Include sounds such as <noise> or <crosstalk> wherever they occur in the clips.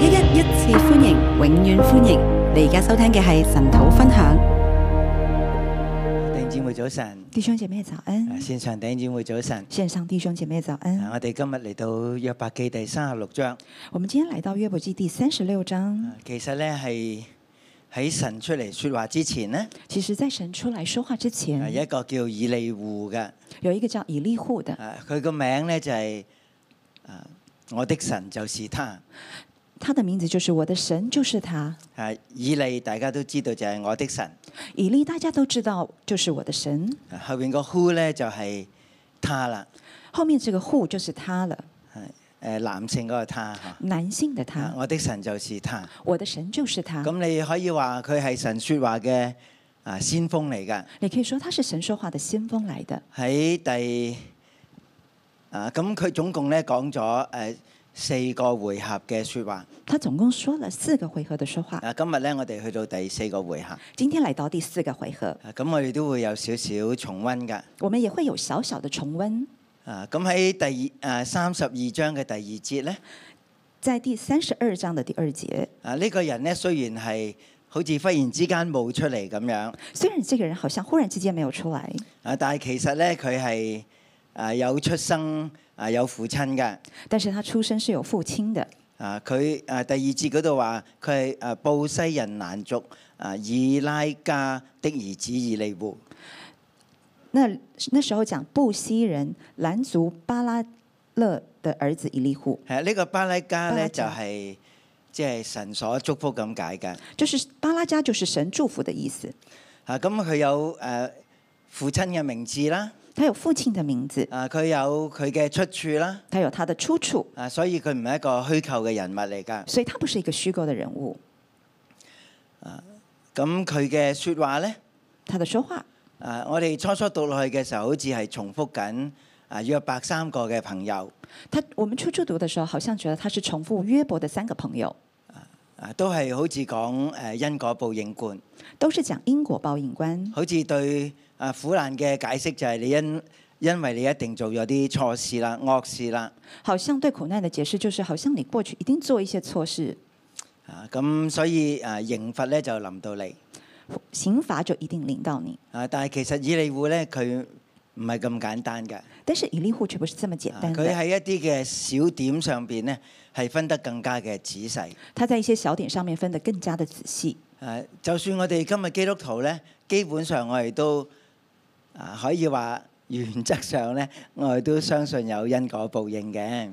一一一次歡迎，永遠歡迎！你而家收聽嘅係神土分享。弟兄姐妹早晨，弟兄姐妹早安。線上弟兄姐妹早晨，線上弟兄姐妹早安。我哋今日嚟到約伯記第三十六章。我們今天來到約伯記第三十六章。其實咧係喺神出嚟說話之前呢，其實，在神出來說話之前，有一個叫以利戶嘅，有一個叫以利戶的。佢個名咧就係、是、啊，我的神就是他。他的名字就是我的神，就是他。係以利，大家都知道就係我的神。以利，大家都知道就是我的神。後邊個 who 咧就係他啦。後面這個 who 就是他了。係誒，男性嗰個他吓。男性的他。我的神就是他。我的神就是他。咁你可以話佢係神說話嘅啊先鋒嚟噶。你可以說他是神說話的先鋒嚟嘅。喺第啊咁佢總共咧講咗誒。呃四個回合嘅說話，他總共說了四個回合的說話。啊，今日呢，我哋去到第四個回合。今天嚟到第四個回合。咁、啊、我哋都會有少少重溫噶。我們也會有小小的重溫。啊，咁喺第二誒三十二章嘅第二節呢，在第三十二章的第二節。啊，呢、這個人呢，雖然係好似忽然之間冒出嚟咁樣，雖然這個人好像忽然之間沒有出來，啊，但係其實呢，佢係、啊、有出生。啊，有父親嘅，但是他出生是有父親的。啊，佢啊第二節嗰度話佢係啊布西人蘭族啊伊拉加的兒子以利戶。那那時候講布西人蘭族巴拉勒的兒子以利戶。係啊，呢、這個巴拉加咧就係即係神所祝福咁解嘅，就是巴拉加就是神祝福的意思。啊，咁佢有誒、啊、父親嘅名字啦。他有父親的名字。啊，佢有佢嘅出處啦。他有他的出處。啊，所以佢唔係一個虛構嘅人物嚟噶。所以，他不是一個虛構的人物。啊，咁佢嘅說話咧？他的說話。啊，我哋初初讀落去嘅時候，好似係重複緊啊約伯三個嘅朋友。他，我們初初讀嘅時候，好像覺得他是重複約伯的三個朋友。啊，都係好似講誒因果報應觀。都是講因果報應觀。好似對。啊，苦難嘅解釋就係你因，因為你一定做咗啲錯事啦、惡事啦。好像對苦難嘅解釋就是，好像你過去一定做一些錯事。啊，咁所以啊，刑罰咧就臨到你，刑罰就一定臨到你。啊，但係其實以利戶咧，佢唔係咁簡單嘅。但是以利戶卻不是這麼簡單。佢、啊、喺一啲嘅小點上邊咧，係分得更加嘅仔細。他在一些小點上面分得更加的仔細。啊，就算我哋今日基督徒咧，基本上我哋都。啊，可以話原則上咧，我哋都相信有因果報應嘅。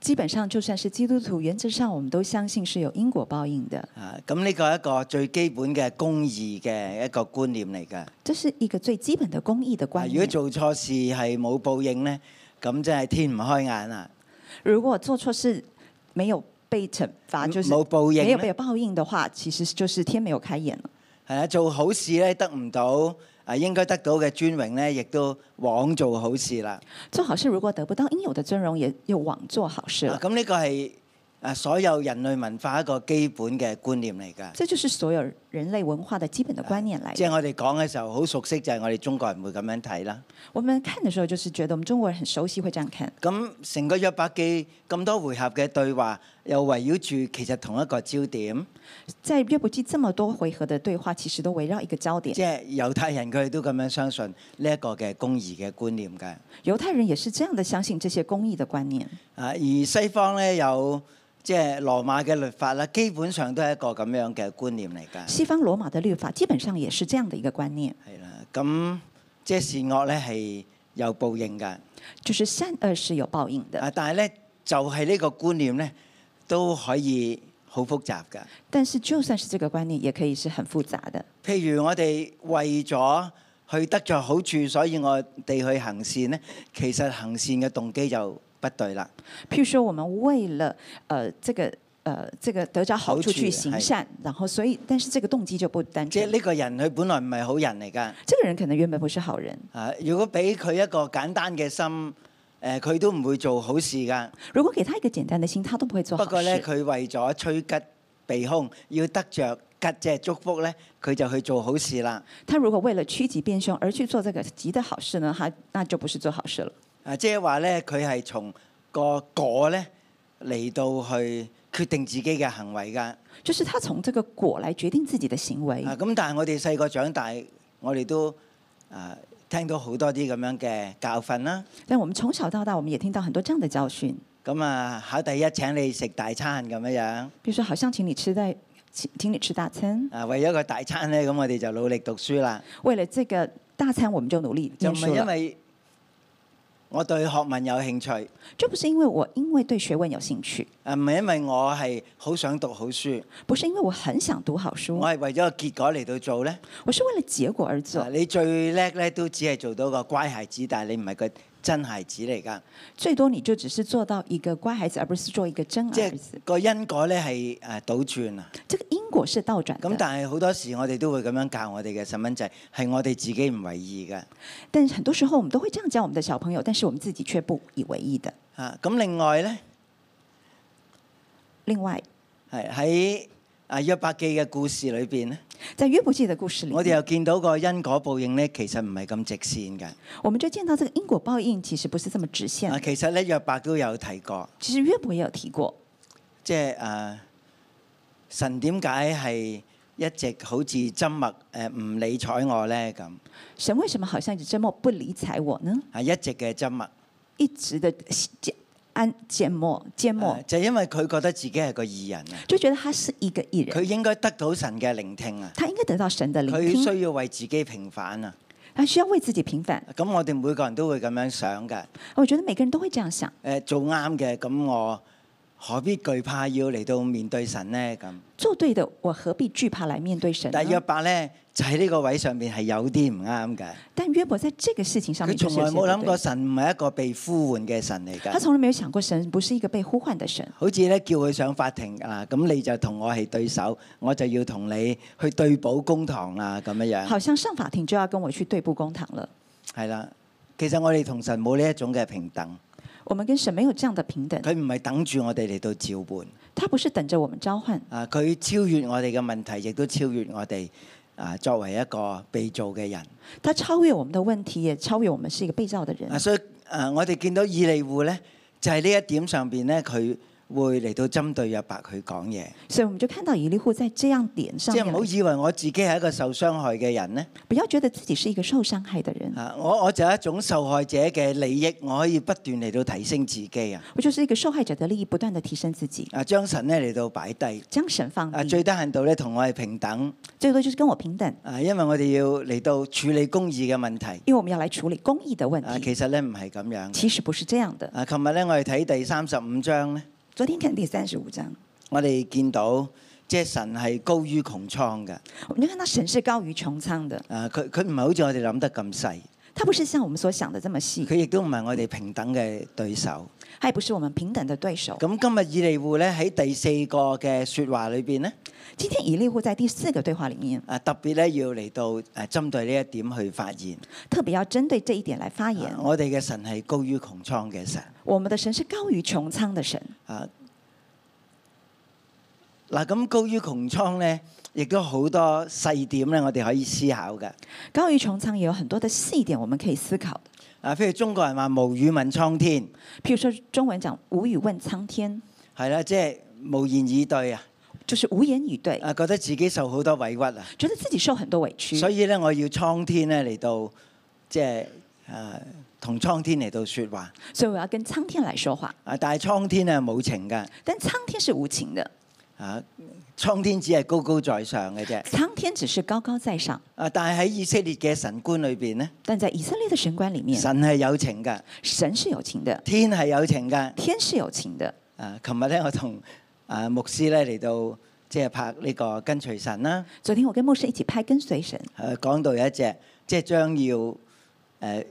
基本上，就算是基督徒，原則上，我們都相信是有因果報應的。啊，咁、這、呢個一個最基本嘅公義嘅一個觀念嚟㗎。這是一個最基本嘅公義嘅觀念、啊。如果做錯事係冇報應咧，咁真係天唔開眼啦。如果做錯事沒有被懲罰，就冇報應，沒有被報應的話應，其實就是天沒有開眼啦。啊，做好事咧得唔到。係應該得到嘅尊榮呢，亦都枉做好事啦。做好事如果得不到應有的尊榮，也又枉做好事啦。咁、啊、呢、嗯，這個係、啊、所有人類文化一個基本嘅觀念嚟噶。這就是所有人類文化的基本的觀念嚟、啊。即係我哋講嘅時候，好熟悉就係我哋中國人會咁樣睇啦。我們看的時候，就是覺得我們中國人很熟悉，會這樣看。咁、嗯、成個約百記咁多回合嘅對話。又圍繞住其實同一個焦點，在約伯記這麼多回合嘅對話，其實都圍繞一個焦點。即係猶太人佢哋都咁樣相信呢一個嘅公義嘅觀念嘅。猶太人也是這樣的相信這些公義嘅觀念。啊，而西方咧有即係羅馬嘅律法啦，基本上都係一個咁樣嘅觀念嚟㗎。西方羅馬的律法基本上也是這樣的一個觀念。係啦，咁即係善惡咧係有報應㗎。就是善惡是有報應的。啊，但係咧就係、是、呢個觀念咧。都可以好複雜噶，但是就算是這個觀念，也可以是很複雜的。譬如我哋為咗去得着好處，所以我哋去行善呢，其實行善嘅動機就不對啦。譬如說，我們為了誒、呃，這個誒、呃，這個得咗好處去行善，然後所以，但是這個動機就不單純。即係呢個人，佢本來唔係好人嚟噶。這個人可能原本不是好人。啊，如果俾佢一個簡單嘅心。誒、呃，佢都唔會做好事噶。如果給他一個簡單的心，他都唔會做好事。不過咧，佢為咗趨吉避凶，要得着吉即係祝福咧，佢就去做好事啦。他如果為了趨吉避凶而去做這個吉的好事呢，哈，那就不是做好事了。啊，即係話咧，佢係從個果咧嚟到去決定自己嘅行為噶。就是他從這個果來決定自己嘅行為。啊，咁但係我哋細個長大，我哋都啊。呃聽到好多啲咁樣嘅教訓啦。但係我們從小到大，我們也聽到很多這樣的教訓。咁啊，考第一請你食大餐咁樣。譬如說好像請你吃大請請你吃大餐。啊，為咗個大餐呢，咁我哋就努力讀書啦。為了這個大餐，我們就努力。就唔係因為。我對學問有興趣，這不是因為我因為對學問有興趣。誒、啊，唔係因為我係好想讀好書，不是因為我很想讀好書。我係為咗個結果嚟到做呢，我是為了結果而做。啊、你最叻咧，都只係做到個乖孩子，但係你唔係個。真孩子嚟㗎，最多你就只是做到一個乖孩子，而不是做一個真孩子。個因果呢係誒倒轉啊！這個因果是倒轉。咁但係好多時我哋都會咁樣教我哋嘅細蚊仔，係我哋自己唔為意嘅。但係很多時候我我，我們，時候我們都會這樣教我們的小朋友，但是我們自己卻不以為意的。啊，咁另外呢？另外係喺。啊，約伯記嘅故事裏邊咧，在約伯記嘅故事裏，我哋又見到個因果報應咧，其實唔係咁直線嘅。我們就見到這個因果報應，其實不是這麼直線。啊，其實咧約伯都有提過。其實約伯也有提過，即係誒、啊，神點解係一直好似緘默誒唔理睬我咧咁？神為什麼好像一直緘默不理睬我呢？啊，一直嘅緘默，一直嘅。按緘默，緘默，就因為佢覺得自己係個義人啊，就覺得他是一個義人，佢應該得到神嘅聆聽啊，他應該得到神嘅聆聽，佢需要為自己平反啊，佢需要為自己平反。咁我哋每個人都會咁樣想嘅，我覺得每個人都會這樣想。誒，做啱嘅，咁我。何必懼怕要嚟到面對神呢？咁做對的，我何必懼怕來面對神？但約伯呢，就喺呢個位上面，係有啲唔啱嘅。但約伯在這個事情上面，佢從來冇諗過神唔係一個被呼喚嘅神嚟嘅。他從來沒有想過神不是一個被呼喚嘅神。嗯，好似咧叫佢上法庭啊，咁你就同我係對手，我就要同你去對簿公堂啦，咁樣樣。好像上法庭就要跟我去對簿公堂了。係啦，其實我哋同神冇呢一種嘅平等。我們跟神沒有這樣的平等。佢唔係等住我哋嚟到召喚，他不是等着我們召喚。啊，佢超越我哋嘅問題，亦都超越我哋啊，作為一個被造嘅人。他超越我們的問題，也超越我們是一個被造的人。啊，所以啊，我哋見到以利戶咧，就係呢一點上邊咧，佢。會嚟到針對約伯佢講嘢，所以我們就看到以利戶在這樣點上，即係唔好以為我自己係一個受傷害嘅人呢，不要覺得自己是一個受傷害嘅人。啊，我我就係一種受害者嘅利益，我可以不斷嚟到提升自己啊。我就是一個受害者嘅利益，不斷的提升自己。啊，將神咧嚟到擺低，將神放低啊，最低限度咧同我係平等，最多就是跟我平等。啊，因為我哋要嚟到處理公義嘅問題，因為我們要嚟處理公義嘅問題。啊，其實咧唔係咁樣，其實不是這樣嘅。啊，琴日咧我哋睇第三十五章咧。昨天睇第三十五章，我哋見到即係神係高於穹蒼嘅。你睇下神是高於穹蒼的。啊，佢佢唔係好似我哋諗得咁細。他不是像我們所想的這麼細。佢亦都唔係我哋平等嘅對手。對對佢不是我們平等的對手。咁今日以利戶呢，喺第四個嘅說話裏邊呢，今天以利戶在第四個對話裏面。啊，特別咧要嚟到，誒、啊、針對呢一點去發言。特別要針對這一點嚟發言。我哋嘅神係高於穹蒼嘅神。我們嘅神是高於穹蒼嘅神。啊，嗱咁高於穹蒼咧，亦都好多細點咧，我哋可以思考嘅。高於穹蒼也有很多嘅細點，我們可以思考。啊，譬如中國人話無語問蒼天，譬如說中文講無語問蒼天，係啦，即係無言以對啊，就是無言以對啊、就是，覺得自己受好多委屈啊，覺得自己受很多委屈，所以咧，我要蒼天咧嚟到，即係，啊，同蒼天嚟到説話，所以我要跟蒼天來說話啊，但係蒼天啊冇情噶，但蒼天是無情的啊。蒼天只係高高在上嘅啫，蒼天只是高高在上。啊！但係喺以色列嘅神觀裏邊咧，但在以色列嘅神觀裏面，神係有情噶神是有情的，天係有情噶天是有情的。啊！琴日咧，我同啊牧師咧嚟到即係、就是、拍呢個跟隨神啦、啊。昨天我跟牧師一齊拍跟隨神。誒、啊，講到有一隻即係將要誒。呃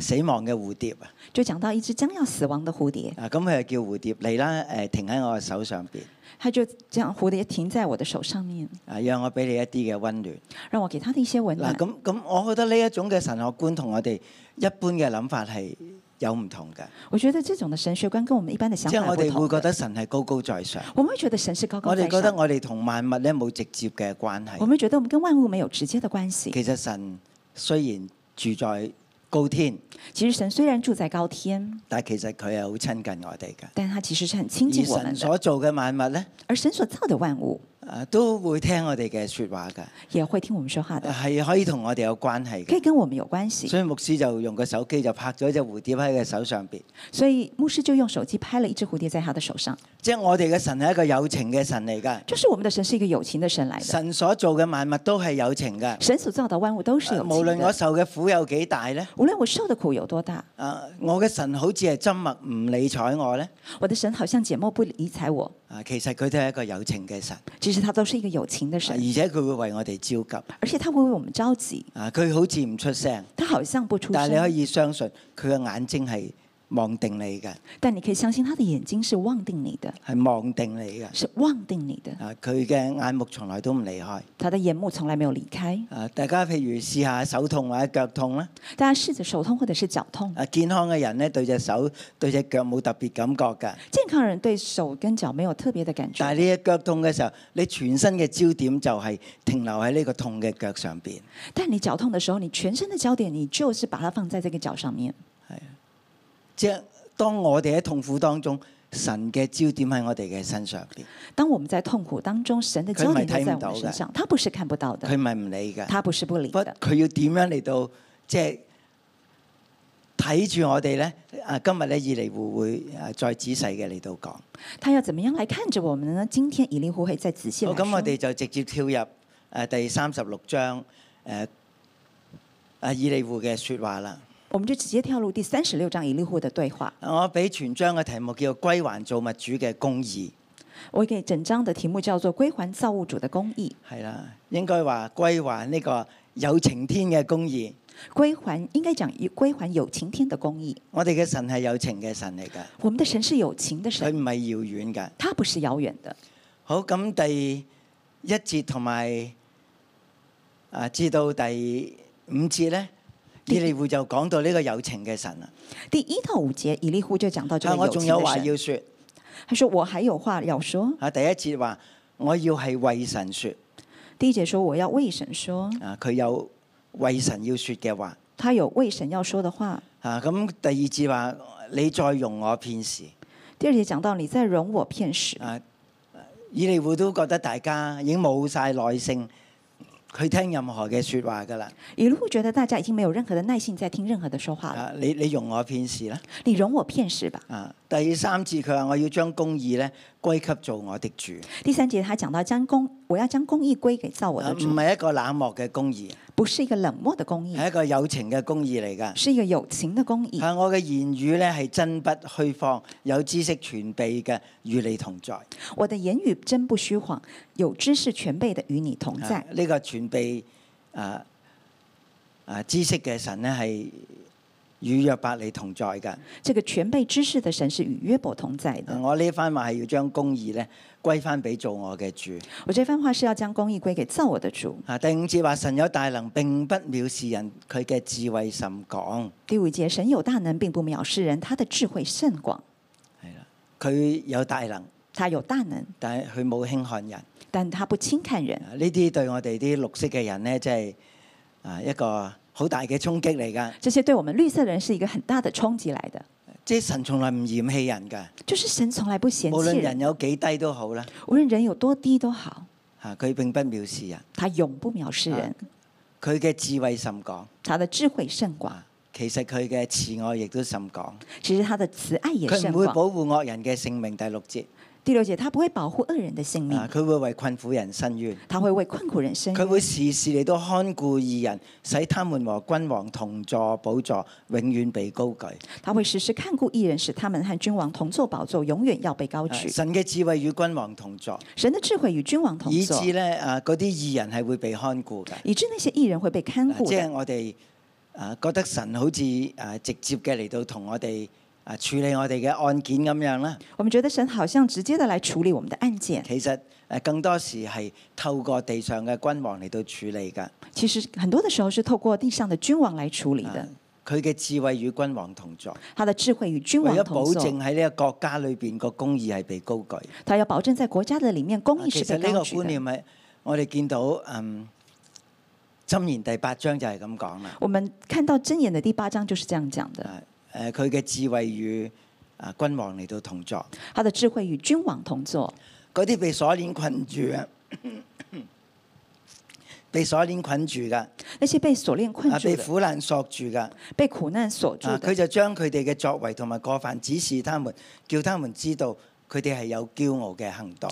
死亡嘅蝴蝶，啊，就講到一隻將要死亡嘅蝴蝶。啊，咁佢又叫蝴蝶嚟啦，誒、呃，停喺我嘅手上邊。他就將蝴蝶停在我的手上面，啊，讓我俾你一啲嘅溫暖，讓我給他的一些溫暖。咁、啊、咁，我覺得呢一種嘅神學觀同我哋一般嘅諗法係有唔同嘅。我覺得這種嘅神，神學觀跟我們一般嘅想法唔同。即、就、係、是、我哋會覺得神係高高在上，我們會覺得神是高高。我哋覺得我哋同萬物咧冇直接嘅關係。我們覺得我們跟萬物沒有直接嘅關，關係。其實神雖然住在。高天，其實神雖然住在高天，但其實佢係好親近我哋嘅。但他其實是很親近我們的。而神所做嘅萬物咧，而神所造的萬物。都會聽我哋嘅説話噶，也會聽我們説話嘅，係可以同我哋有關係嘅，可以跟我們有關係。所以牧師就用個手機就拍咗隻蝴蝶喺佢手上邊。所以牧師就用手機拍了一隻蝴蝶在他的手上。即係我哋嘅神係一個有情嘅神嚟噶。就是我們的神是一個有情嘅神嚟。神所做嘅萬物都係有情嘅。神所造的萬物都是有情的。無論我受嘅苦有幾大呢，無論我受的苦有多大。啊，我嘅神好似係真默唔理睬我呢，我的神好像沉默不理睬我。啊，其實佢都係一個有情嘅神，其實他都是一個有情嘅神，而且佢會為我哋着急，而且他會為我們着急。啊，佢好似唔出聲，他好像不出聲，但你可以相信佢嘅眼睛係。望定你嘅，但你可以相信他的眼睛是望定你的，係望定你嘅，是望定你的。啊，佢嘅眼目從來都唔離開，他的眼目從來沒有離開。啊，大家譬如試下手痛或者腳痛啦。大家試着手痛或者是腳痛。啊，健康嘅人呢對隻手對隻腳冇特別感覺噶。健康人對手跟腳沒有特別的感覺。但係呢隻腳痛嘅時候，你全身嘅焦點就係停留喺呢個痛嘅腳上邊。但你腳痛嘅時候，你全身嘅焦點你就是把它放在這個腳上面。係。即係當我哋喺痛苦當中，神嘅焦點喺我哋嘅身上邊。當我們在痛苦當中，神嘅焦點喺我哋身上，他不是看不到的。佢唔係睇唔到嘅。佢唔係唔理嘅。他不是不理的。佢要點樣嚟到即係睇住我哋咧？啊，今日咧，以利戶會啊，再仔細嘅嚟到講。他要怎麼樣來看着我們呢？今天以利戶會再仔細。好、哦、咁、嗯、我哋就直接跳入誒、啊、第三十六章誒啊，啊以利戶嘅說話啦。我們就直接跳入第三十六章以利戶的對話。我俾全章嘅題目叫做歸還造物主嘅公義。我給整章的題目叫做歸還造物主的公義。係啦，應該話歸還呢個有情天嘅公義。歸還應該講歸還有情天的公義。我哋嘅神係有情嘅神嚟噶。我們的神是有情的神。佢唔係遙遠嘅。祂不是遙遠的。好，咁第一節同埋啊，至到第五節咧。以利戶就講到呢個有情嘅神啊！第一到五節，以利戶就講到。但係我仲有話要說，佢說我還有話要說。啊，第一節話我要係為神說，第一節說我要為神說。啊，佢有為神要說嘅話，他有為神要說嘅話。啊，咁第二節話你再容我片時，第二節講到你再容我片時。啊，以利戶都覺得大家已經冇晒耐性。.佢聽任何嘅説話噶啦，亦都覺得大家已經沒有任何的耐性再聽任何的說話啦。你你容我片時啦，你容我片時，事吧。啊，第三次佢話我要將公義咧，歸給造我的主。第三節，他講到將公，我要將公義歸給造我的主。唔係一個冷漠嘅公義。不是一個冷漠嘅公義。係一個有情嘅公義嚟噶。是一個有情，情的公義。係我嘅言語咧，係真不虛謊，有知識全備嘅，與你同在。我的言語真不虛謊，有知識全備的與你同在。呢、啊這個全備啊啊知識嘅神咧係與約伯同在噶，這個全備知識的神是與約伯同在的。我呢番話係要將公義咧歸翻俾造我嘅主。我這番話是要將公義歸給造我的主。啊，第五節，話神有大能，並不藐視人，佢嘅智慧甚廣。第五節，神有大能，並不藐視人，他的智慧甚廣。係啦，佢有大能，他有大能，但係佢冇輕看人，但他不輕看人。呢啲對我哋啲綠色嘅人咧，即係啊一個。好大嘅衝擊嚟㗎！這些對我們綠色的人是一個很大的衝擊來的。即、就、係、是、神從來唔嫌棄人嘅。就是神從來不嫌棄。無論人有幾低都好啦。無論人有多低都好。嚇，佢、啊、並不藐視人。他永不藐視人。佢、啊、嘅智慧甚廣。他的智慧甚廣、啊。其實佢嘅慈愛亦都甚廣。其實他的慈愛也甚廣。佢唔會保護惡人嘅性命，第六節。第六節，他不會保護惡人的性命，佢會為困苦人伸冤，他會為困苦人伸冤，佢會，會時時嚟到看顧義人，使他們和君王同坐寶座，永遠被高舉。他會時時看顧義人，使他們和君王同坐寶座，永遠要被高舉。神嘅智慧與君王同坐，神的智慧與君王同坐，以致呢，誒嗰啲義人係會被看顧嘅，以致那些義人會被看顧。即係我哋誒、啊、覺得神好似誒、啊、直接嘅嚟到同我哋啊！處理我哋嘅案件咁樣啦，我們覺得神好像直接的來處理我們的案件。其實誒，更多時係透過地上嘅君王嚟到處理噶。其實很多的時候是透過地上的君王來處理的。佢嘅智慧與君王同在，他的智慧與君王同在，為咗保證喺呢個國家裏邊個公義係被高舉，他要保證在國家的裏面公義是被高舉。其實呢個觀念咪我哋見到嗯箴言第八章就係咁講啦。我們看到箴言的第八章就是這樣講的。嗯誒，佢嘅智慧與啊君王嚟到同坐，他嘅智慧與君王同坐，嗰啲被鎖鏈困住啊、嗯嗯，被鎖鏈捆住噶，那些被鎖鏈困住，被苦難鎖住噶，被苦難鎖住，佢、啊、就將佢哋嘅作為同埋過犯指示他們，叫他們知道佢哋係有驕傲嘅行動。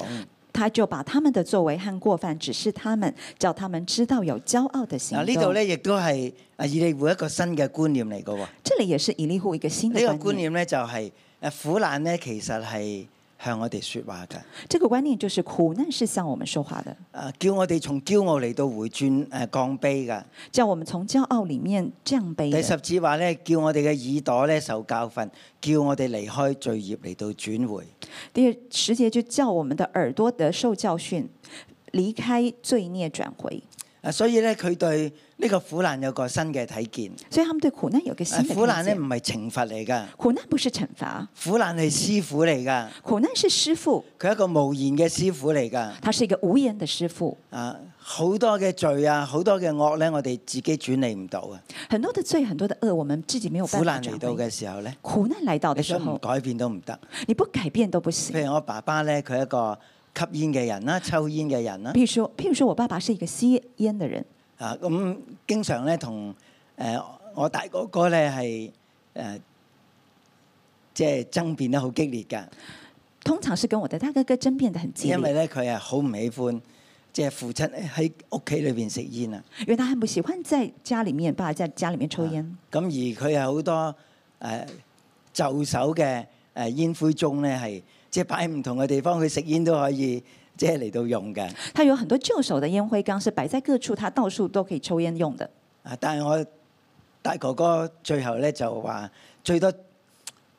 他就把他們的作為和過犯指示他們，叫他們知道有驕傲的心。嗱，呢度咧亦都係啊以利戶一個新嘅觀念嚟嘅喎。這裡也是以利戶一個新嘅觀念。呢、這個觀念咧就係、是、誒苦難咧其實係。向我哋說話嘅，這個觀念就是苦難是向我們說話的。誒、啊，叫我哋從驕傲嚟到回轉，誒、呃、降悲嘅，叫我們從驕傲裏面降卑的。第十節話咧，叫我哋嘅耳朵咧受教訓，叫我哋離開罪孽嚟到轉回。第十節就叫我們的耳朵得受教訓，離開罪孽轉回。啊，所以咧，佢對呢個苦難有個新嘅體見。所以，佢哋對苦難有個新嘅體見。苦難咧，唔係懲罰嚟噶。苦難不是懲罰。苦難係師傅嚟噶。苦難是師傅。佢係一個無言嘅師傅嚟噶。他是一個無言嘅師傅。啊，好多嘅罪啊，好多嘅惡咧，我哋自己處理唔到啊。很多嘅罪，、啊、罪，很多嘅惡，我們自己沒有辦法。苦難嚟到嘅時候咧，苦難嚟到嘅時候，你想唔改變都唔得。你不改變都不行。譬如我爸爸咧，佢一個。吸煙嘅人啦、啊，抽煙嘅人啦、啊。譬如說，譬如說，我爸爸是一個吸煙嘅人。啊，咁、嗯、經常咧同誒、呃、我大哥哥咧係誒即係爭辯得好激烈噶。通常是跟我哋，大哥哥爭辯得很激烈。因為咧佢係好唔喜歡即係、就是、父親喺屋企裏邊食煙啊。因為他很不喜歡在家裏面，爸爸在家裏面抽煙。咁、啊嗯、而佢係好多誒、呃、就手嘅誒、呃、煙灰盅咧係。即係擺喺唔同嘅地方，去食煙都可以，即係嚟到用嘅。佢有很多舊手嘅煙灰缸，是擺在各處，他到處都可以抽煙用的。啊，但係我大哥哥最後咧就話，最多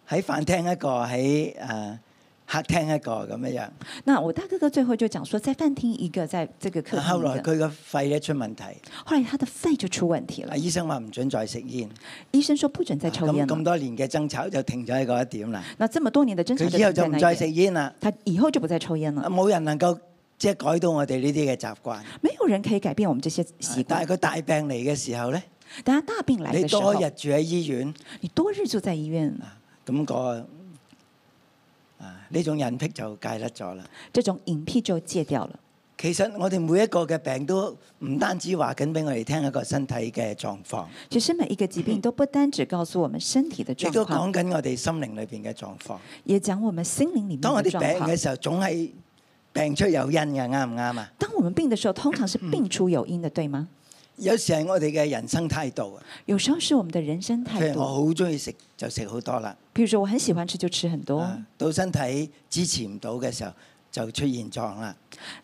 喺飯廳一個，喺誒。呃客廳一個咁樣，那我大哥哥最後就講說，在飯廳一個，在這個客廳。後來佢個肺咧出問題，後來他的肺就出問題啦。醫生話唔准再食煙，醫生說不准再抽煙。咁、啊、多年嘅爭吵就停咗喺嗰一點啦。那這麼多年嘅爭吵，以後就唔再食煙啦。以後就不再抽煙啦。冇、啊、人能夠即係改到我哋呢啲嘅習慣，冇人可以改變我們這些習慣、啊。但係佢大病嚟嘅時候咧，等下大病嚟嘅時候，你多日住喺醫院，你多日住在醫院，咁、啊那個呢種隱癖就戒得咗啦，這種隱癖就戒掉了。其實我哋每一個嘅病都唔單止話緊俾我哋聽一個身體嘅狀況，其實每一個疾病都不單止告訴我們身體嘅狀況，亦都講緊我哋心靈裏邊嘅狀況，也講我們心靈裏面。當我哋病嘅時候，總係病出有因嘅，啱唔啱啊？當我們病嘅時候，通常是病出有因嘅，對嗎？ <coughs> 有時係我哋嘅人生態度。有時候是我們的人生態度。我好鍾意食，就食好多啦。譬如說，我很喜歡吃，就吃很多。到身體支持唔到嘅時候，就出現狀況啦。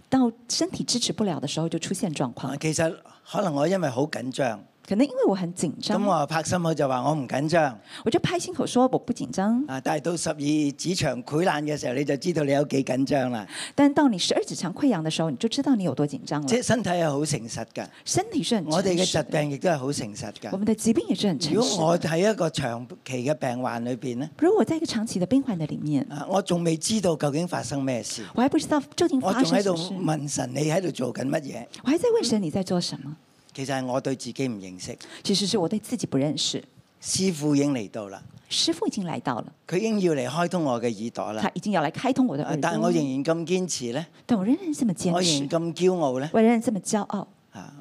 到身體支持不了的時候就，時候就，出時候就出現狀況。其實可能我因為好緊張。可能因為我很緊張，咁我拍心口就話我唔緊張，我就拍心口說我不緊張。啊、嗯！但係到十二指腸潰爛嘅時候，你就知道你有幾緊張啦。但到你十二指腸潰瘍嘅時候，你就知道你有多緊張啦。即係身體係好誠實㗎，身體是很誠實的。我哋嘅疾病亦都係好誠實㗎。我們的疾病也是很誠實的。如果我喺一個長期嘅病患裏邊咧，如果我在一個長期的病患裡面，我仲未知道究竟發生咩事，我還不知道究竟發生什麼事，我仲喺度問神，你喺度做緊乜嘢？我還在問神你在做什麼？我其實係我對自己唔認識，其實是我對自己不認識。師父已經嚟到啦，師父已經嚟到了。佢已，已經要嚟開通我嘅耳朵啦，已經要嚟開通我的。但係我仍然咁堅持咧，但我仍然咁麼，麼堅持。我仍然咁驕傲咧，我仍然咁麼驕傲。啊，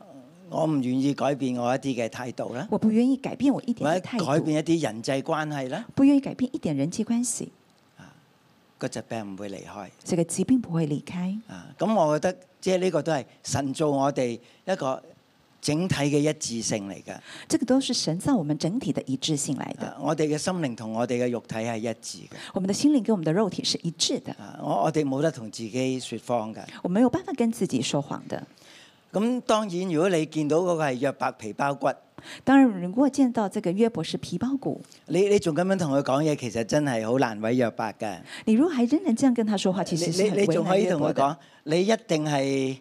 我唔願意改變我一啲嘅態度咧，我不願意改變我一點我改變一啲人際關係咧，不願意改變一點人際關係。啊、這，個疾病唔會離開，這個疾病唔會離開。啊，咁我覺得即係呢個都係神做我哋一個。整體嘅一致性嚟嘅、啊，這個都是神造我們整體的一致性嚟嘅。我哋嘅心靈同我哋嘅肉體係一致嘅。我們的心靈跟我們的肉體是一致的。啊、我我哋冇得同自己說謊嘅。我沒有辦法跟自己說謊的。咁、嗯、當然，如果你見到嗰個係約伯皮包骨，當然如果見到這個約伯是皮包骨，你你仲咁樣同佢講嘢，其實真係好難為約伯嘅。你如果還真人這樣跟他說話，其實你你仲可以同佢講，你一定係。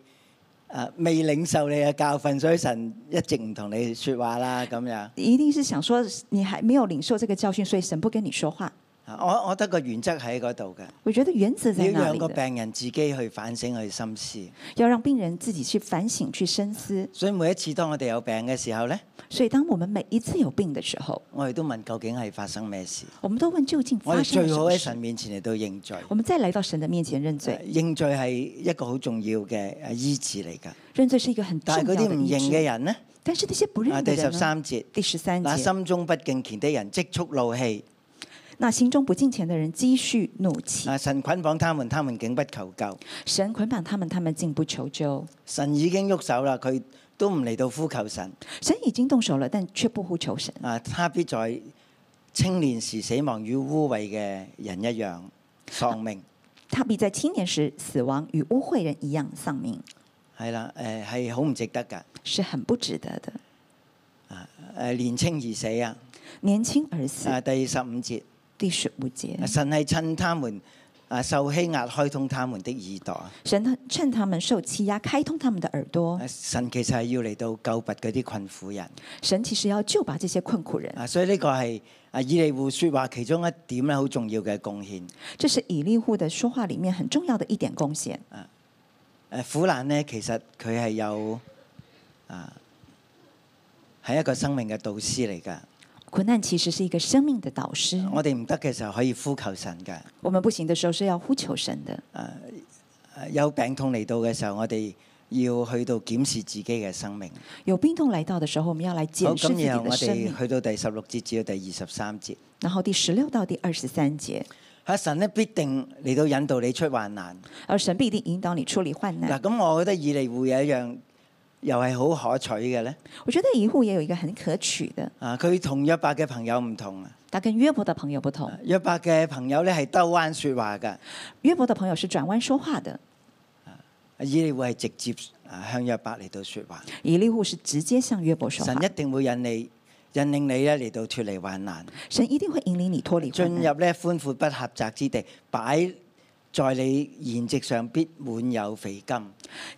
啊！未領受你嘅教訓，所以神一直唔同你説話啦，咁樣。一定是想說你還沒有領受這個教訓，所以神不跟你說話。我我得個原則喺嗰度嘅。我覺得原則在那裡的。要讓個病人自己去反省去深思。要讓病人自己去反省去深思。所以每一次當我哋有病嘅時候呢。所以，當我們每一次有病的時候，我哋都問究竟係發生咩事。我們都問究竟發生咩事。我哋最好喺神面前嚟到認罪。我們再嚟到神嘅面前認罪，認罪係一個好重要嘅醫治嚟㗎。認罪是一個很。但係嗰啲唔認嘅人呢？但是呢啲不認，些不認。啊，第十三節，第十三節。那心中不敬虔的人積蓄怒氣。嗱，心中不敬虔的人積蓄怒氣。啊，神捆綁他們，他們竟不求救。神捆綁他們，他們竟不求救。神已經喐手啦，佢。都唔嚟到呼求神，神已經動手了，但卻不呼求神。啊，他必在青年時死亡與污穢嘅人一樣喪命。啊，他必在青年時死亡與污穢人一樣喪命。係啦，誒係好唔值得㗎，是很不值得的。啊誒，年輕而死啊，年輕而死。啊，第十五節，第十五節，神係趁他們。啊！受欺壓，開通他們的耳朵。神趁他們受欺壓，開通他們的耳朵。神其實係要嚟到救拔嗰啲困苦人。神其實要救拔這些困苦人。啊、所以呢個係啊以利戶説話其中一點咧，好重要嘅貢獻。這是以利戶的說話裡面很重要的一點貢獻。啊，誒苦難呢，其實佢係有啊，係一個生命嘅導師嚟㗎。困難其實是一個生命的導師。我哋唔得嘅時候可以呼求神嘅。我們不行的時候是要呼求神的。誒，有病痛嚟到嘅時候，我哋要去到檢視自己嘅生命。有病痛嚟到嘅時候，我們要來檢視的。然後我哋去到第十六節至到第二十三節，然後第十六到第二十三節，喺神呢必定嚟到引導你出患難，而神必定引導你出離患難。嗱，咁我覺得以利戶有一樣。又係好可取嘅咧？我覺得以戶也有一個很可取的。啊，佢同約伯嘅朋友唔同啊。佢同約伯嘅朋友不同。約伯嘅朋友咧，係兜彎說話嘅。約伯嘅朋友是轉彎說話嘅。啊，以利戶係直接啊，向約伯嚟到說話。以利戶是直接向約伯說話。神一定會引你，引領你咧嚟到脫離患難。神一定會引領你脫離進入咧寬闊不狹窄之地。擺在你筵席上必滿有肥甘。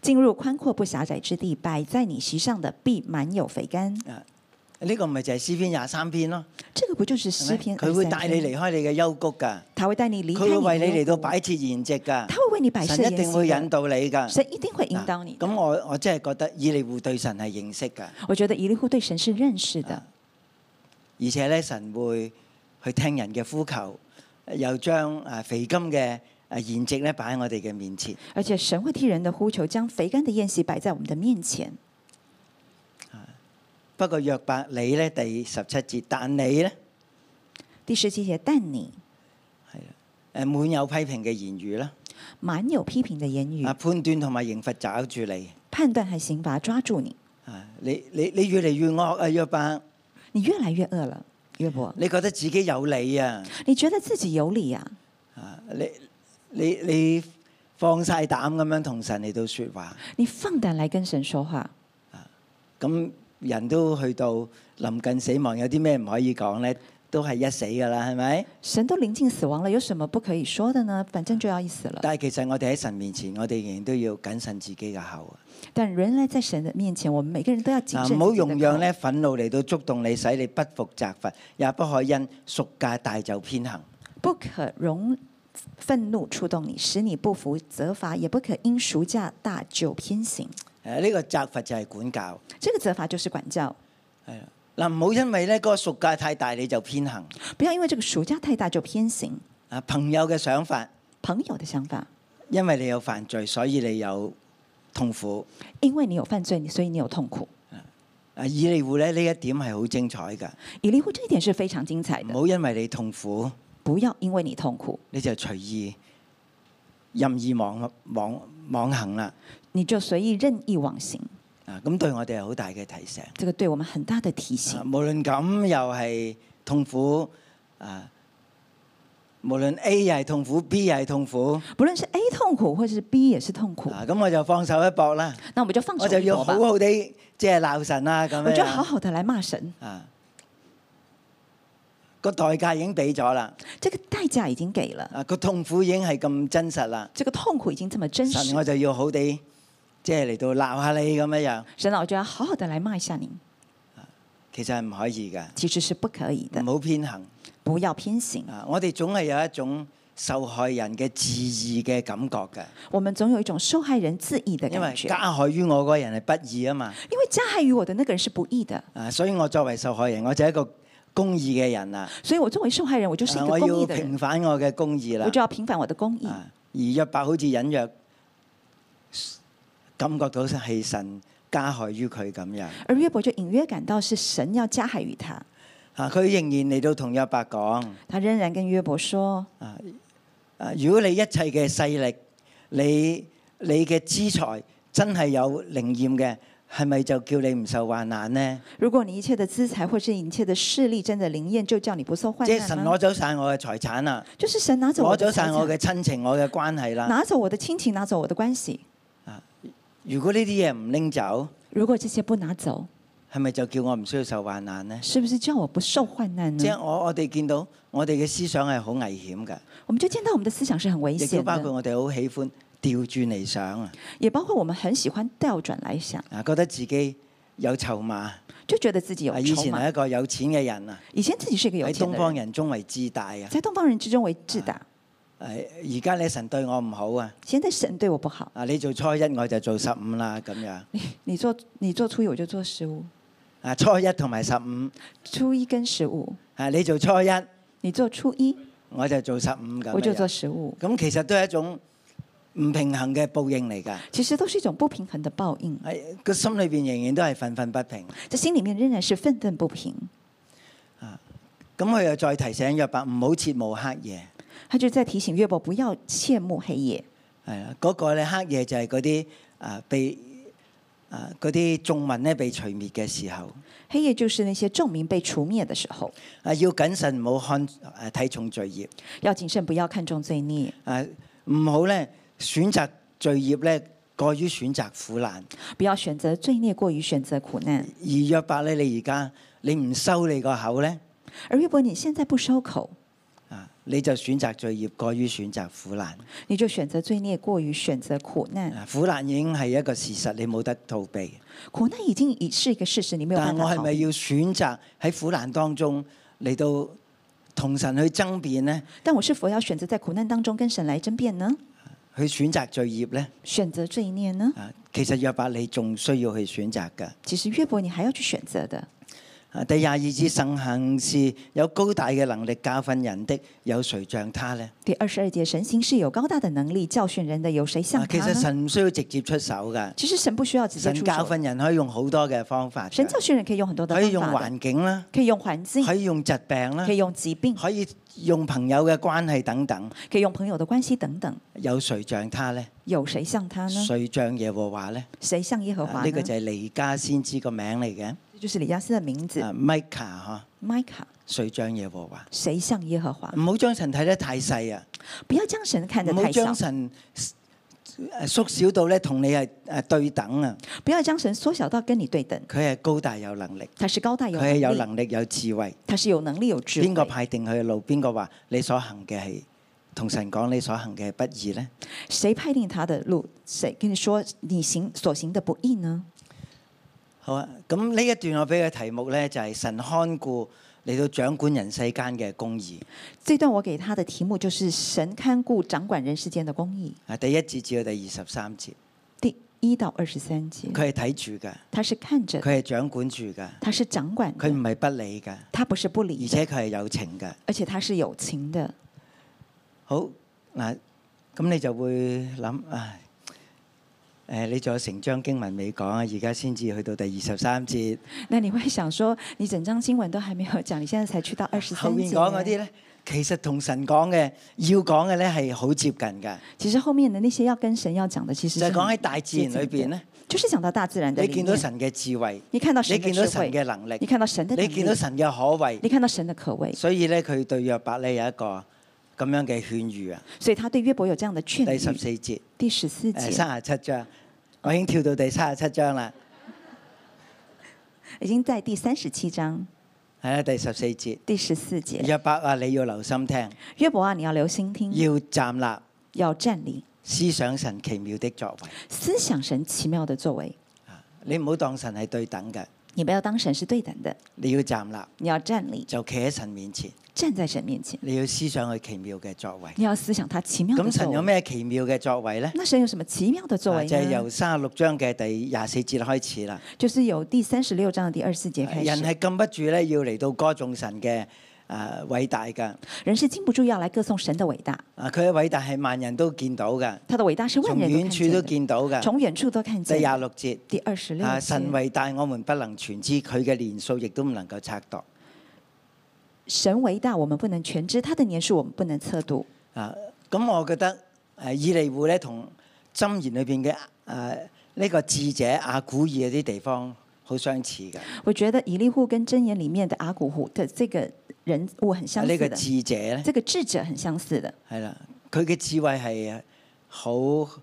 進入寬闊不狹窄之地，擺在你席上的必滿有肥甘。啊，呢、這個唔係就係詩篇廿三篇咯。這個不就是詩篇廿三篇？佢、啊、會帶你離開你嘅幽谷噶。佢會帶你離開你。佢會為你嚟到擺設筵席噶。佢會為你擺設。神一定會引導你噶。神一定會引導你。咁、啊嗯嗯、我我真係覺得以利戶對神係認識噶。我覺得以利戶對神是認識的。啊、而且咧，神會去聽人嘅呼求，又將啊肥甘嘅。啊！筵席咧擺喺我哋嘅面前，而且神會替人嘅呼求，將肥甘嘅宴席擺在我們的面前。啊！不過約伯你咧第十七節，但你咧第十七節，但你係啊，誒滿有批評嘅言語啦，滿有批評嘅言語啊，判斷同埋刑罰抓住你，判斷和刑罰抓住你啊！你你你越嚟越惡啊，約伯，你越來越惡、啊、了，約伯，你覺得自己有理啊？你覺得自己有理啊？啊！你。你你放晒膽咁樣同神嚟到說話，你放膽嚟跟神說話。啊，咁、嗯、人都去到臨近死亡，有啲咩唔可以講咧？都係一死噶啦，係咪？神都臨近死亡了，有什麼不可以說的呢？反正就要一死了。但係其實我哋喺神面前，我哋仍然都要謹慎自己嘅口啊。但人咧，在神的面前，我們每個人都要謹慎自己。唔好容讓咧，憤怒嚟到觸動你，使你不服責罰，也不可因贖價大就偏行，不可容。憤怒觸動你，使你不服責罰，也不可因贖價大就偏行。誒，呢個責罰就係管教。這個責罰就是管教。係啦，嗱，唔好因為咧個贖價太大你就偏行。不要因為這個贖價太大就偏行。啊，朋友嘅想法。朋友嘅想法。因為你有犯罪，所以你有痛苦。因為你有犯罪，所以你有痛苦。啊，以利戶咧呢一點係好精彩噶。以利戶呢一點是非常精彩嘅。唔好因為你痛苦。不要因為你痛苦，你就隨意，意，意任意妄妄妄行啦！你就隨意任意妄行啊！咁對我哋有好大嘅提醒。這個對我們很大的提醒。無論咁又係痛苦啊，無論 A 又係痛苦、啊、痛苦，B 又係痛苦。不論是 A 痛苦，或者是 B 也是痛苦。咁、啊、我就放手一搏啦。那我們就放手一搏吧。我就要好好地即係鬧神啦、啊、咁樣。我就好好地來罵神啊。個代價已經俾咗啦，即個代價已經給了。啊、這個，個痛苦已經係咁真實啦，即、這個痛苦已經這麼真實。我就要好地，即係嚟到鬧下你咁樣樣。神老我就要好好地嚟罵一下你。其實係唔可以㗎，其實是不可以的。唔好偏行，不要偏行。啊，我哋總係有一種受害人嘅自義嘅感覺嘅。我哋總有一種受害人自義嘅感覺。因為加害於我嗰個人係不義啊嘛。因為加害於我嘅那個人是不義嘅。啊，所以我作為受害人，我就一個。公義嘅人啊，所以我作為受害人，我就是一個公義嘅人、啊、我要平反我嘅公義啦。我就要平反我的公義。啊、而約伯好似隱約感覺到係神加害於佢咁樣。而約伯就隱約感到是神要加害於他。啊，佢仍然嚟到同約伯講、啊。他仍然跟約伯說。啊，如果你一切嘅勢力，你你嘅資財真係有靈驗嘅。係咪就叫你唔受患難呢？如果你一切嘅資財或者一切嘅勢力真的靈驗，就叫你不受患難。即係神攞走晒我嘅財產啦，就是神拿走攞走晒我嘅親情、我嘅關係啦。拿走我嘅親情，拿走我嘅關係。啊，如果呢啲嘢唔拎走，如果這些不拿走，係咪就叫我唔需要受患難呢？是不是叫我不受患難呢？即係我我哋見到我哋嘅思想係好危險噶。我們就見到我們嘅思想是很危險，亦都包括我哋好喜歡。調轉嚟想啊，也包括我們很喜歡調轉來想啊，覺得自己有籌碼，就覺得自己有、啊。以前係一個有錢嘅人啊，以前自己是一個有錢的人。喺東方人中為自大啊，啊啊在東方人之中為自大。係而家你神對我唔好啊。現在神對我不好。啊，你做初一，我就做十五啦，咁樣。你，你做你做初一，我就做十五。啊，初一同埋十五。初一跟十五。啊，你做初一，你做初一，我就做十五咁。我就做十五。咁其實都係一種唔平衡嘅報應嚟㗎，其實都是一種不平衡嘅報應。係、哎、個心裏邊仍然都係憤憤不平。這心裏面仍然是憤憤不平。啊，咁佢又再提醒約伯唔好切慕黑夜。佢就再提醒約伯不要羨慕黑夜。係、那、啦、個，嗰個咧黑夜就係嗰啲啊被啊嗰啲眾民咧被除滅嘅時候。黑夜就是那些眾民被除滅嘅時候。啊，要謹慎冇看誒睇、啊、重罪孽。要謹慎，不要看重罪孽。啊，唔好咧。選擇罪孽咧，過於選擇苦難。不要選擇罪孽，過於選擇苦難。而約伯咧，你而家你唔收你個口咧。而約伯，你現在不收口啊，你就選擇罪孽，過於選擇苦難。你就選擇罪孽，過於選擇苦難。苦難已經係一個事實，你冇得逃避。苦難已經已是一個事實，你冇。但係我係咪要選擇喺苦難當中嚟到同神去爭辯呢？但我是否要選擇在苦難當中跟神來爭辯呢？去選擇罪孽咧？選擇罪孽呢？啊，其實約伯你仲需要去選擇噶。其實約伯你還要去選擇的。第廿二節，神行事有高大嘅能力教訓人的，有誰像他呢？第二十二節，神行事有高大的能力教訓人的，有誰像他呢？其實神唔需要直接出手㗎。其實神不需要直接出手。教訓人可以用好多嘅方法。神教訓人可以用很多，方法，用很多方法。可以用環境啦。可以用環境。可以用疾病啦。可以用疾病。可以用朋友嘅關係等等。可以用朋友的關係等等。有誰像他呢？有誰像他呢？誰像耶和華呢？誰像耶和華呢？呢、啊這個就係彌迦先知個名嚟嘅。就是李嘉斯的名字。Uh, Micah 嗬 Micah 誰像耶和華？誰像耶和華？唔好將神睇得太細啊！不要將神看得太小。唔好將神縮小到咧同你係誒對等啊！不要將神縮小到跟你對等。佢係高大有能力。他是高大有。佢係有能力有智慧。他是有能力有智慧。邊個派定佢嘅路？邊個話你所行嘅係同神講你所行嘅不義呢？誰派定他的路？誰跟你說你行所行的不義呢？好啊，咁呢一段我俾嘅題目呢，就係、是、神看顧嚟到掌管人世間嘅公義。這段我給他的題目就是神看顧掌管人世間嘅公義。係第一節至到第二十三節。第一到二十三節。佢係睇住噶。他是看着。佢係掌管住噶。他是掌管。佢唔係不理噶。他不是不理，不是不理。而且佢係有情噶。而且他是有情的。好嗱，咁你就會諗啊。誒，你仲有成章經文未講啊？而家先至去到第二十三節。那你會想說，你整章經文都還沒有講，你現在才去到二十三。後面講嗰啲咧，其實同神講嘅，要講嘅咧係好接近噶。其實後面嘅那些要跟神要講嘅，其實就係講喺大自然裏邊咧，就是講到大自然。你見到神嘅智慧，你見到神嘅能力，你見到神嘅可畏，你看到神的可畏。所以咧，佢對約伯咧有一個咁樣嘅勸喻啊。所以他對約伯,伯有這樣的勸。第十四節，第十四節，三十七章。我已經跳到第三十七章啦，已經在第三十七章。係啊，第十四節。第十四節。約伯啊，你要留心聽。約伯啊，你要留心聽。要站立。要站立。思想神奇妙的作為。思想神奇妙的作為。你唔好當神係對等嘅。你不要當神是對等的，你要站立，你要站立，就企喺神面前，站在神面前，你要思想佢奇妙嘅作為，你要思想他奇妙。咁神有咩奇妙嘅作為咧？那神有什麼奇妙嘅作為？就係由三十六章嘅第廿四節開始啦，就是由第三十六章嘅第二十四節開始。人係禁不住咧，要嚟到歌頌神嘅。啊！偉大噶，人是禁不住要來歌頌神的偉大。啊！佢嘅偉大係萬人都見到噶。他的偉大是萬人從遠處都見到嘅。從遠處，處都看見。第廿六節，第二十六。啊！神偉大，我們不能全知佢嘅年數，亦都唔能夠測度。神偉大，我們不能全知，他的年數我們不能測度。啊！咁、嗯、我覺得，誒、啊，以利戶咧同箴言裏邊嘅誒呢個智者阿古爾嗰啲地方好相似噶。我覺得以利戶跟箴言裏面的阿古爾嘅這個。人物很相似的、啊這個智者呢，這個智者很相似的。係啦，佢嘅智慧係好